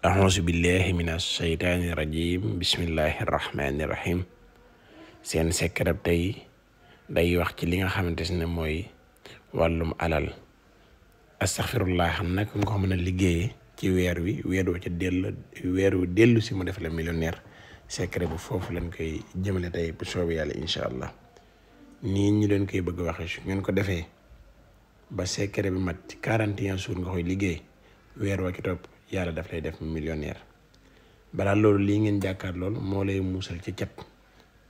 axusu billahi min alsheytaani irajim bismillahi irrahmani irrahim seen sekkarab tey day wax ci li nga xamante ne mooy wàllum alal astaxfirullah xam nag nga ko mën a ci weer wi weer wa ca dellu weer wu dellu si mu def la millionnaire secret bu foofu lañ koy jëmale tey bu soobee yàlla allah nii ñu leen koy bëgg waxe ngeen ko defee ba secret bi mag ci 41 jours nga koy liggéey weer wa ci topp yàlla daf lay def millionnaire balaa loolu lii ngeen jàkkaar lool moo lay muusal ci cat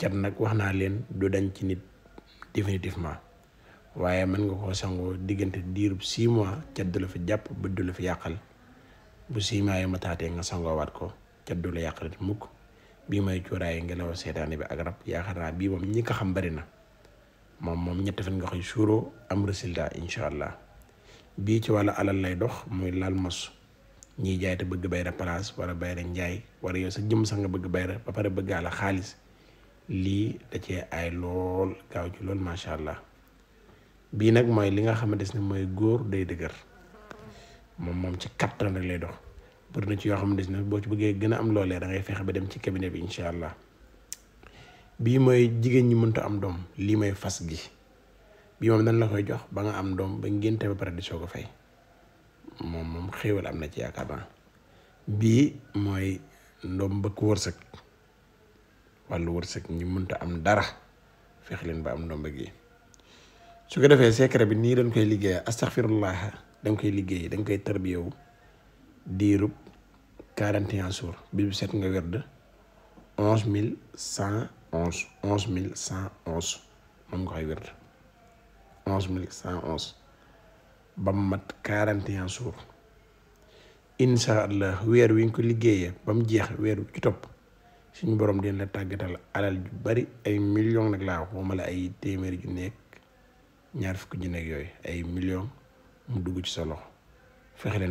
cat nag wax naa leen du dañ ci nit définitivement waaye mën nga koo sangoo diggante diirub six mois cat du la fi jàpp ba du la fi yàqal bu six mois yi mataatee nga sangoowaat ko cat du la yàqal mukk bii mooy nga ngelaw seetaane bi ak rab yaakaar naa bii moom ñi ko xam bari na moom moom ñett fan nga koy suuroo am résultat incha allah bii ci wàllu alal lay dox muy lal mos ñi jaay te bëgg bayra place wala bayra njaay wala yow sa jëm sa nga bëgg bayra ba bëgg ala xaaliss li da ci ay lool gaaw ci lool sha allah bi nak moy li nga xamé dess des moy goor day dëgër mom mom ci kattan rek lay dox bur na ci yo xamné dess des na boo ci bëggé gëna am loolé da ngay fexé ba dem ci cabinet bi insha allah bi moy jigéen ñi mënta am dom li mooy fas gi bi mom dañ la koy jox ba nga am dom ba té ba paré di soo fay moom am na ci yaakaar bii mooy ndoom bëgg wërsëg wàllu wërsëg ñu mënta am dara feex leen ba am ndoom bëgg yi su ko defee secret bi nii dañ koy liggéey astaghfirullah dañ koy liggéey dañ koy tarbiyewu diirub 41 jours bis bu set nga onze mille cent onze onze mille cent onze moom nga koy werd onze mille cent onze ba mu mat 41 jours incha allah weer wi nga ko liggéeyee ba mu jeex weer ci topp suñu borom dina la tàggatal alal ju bari ay million nag laa wax ay téeméeri ju nekk ñaar fukki ju nekk yooyu ay million mu dugg ci sa loxo fexe leen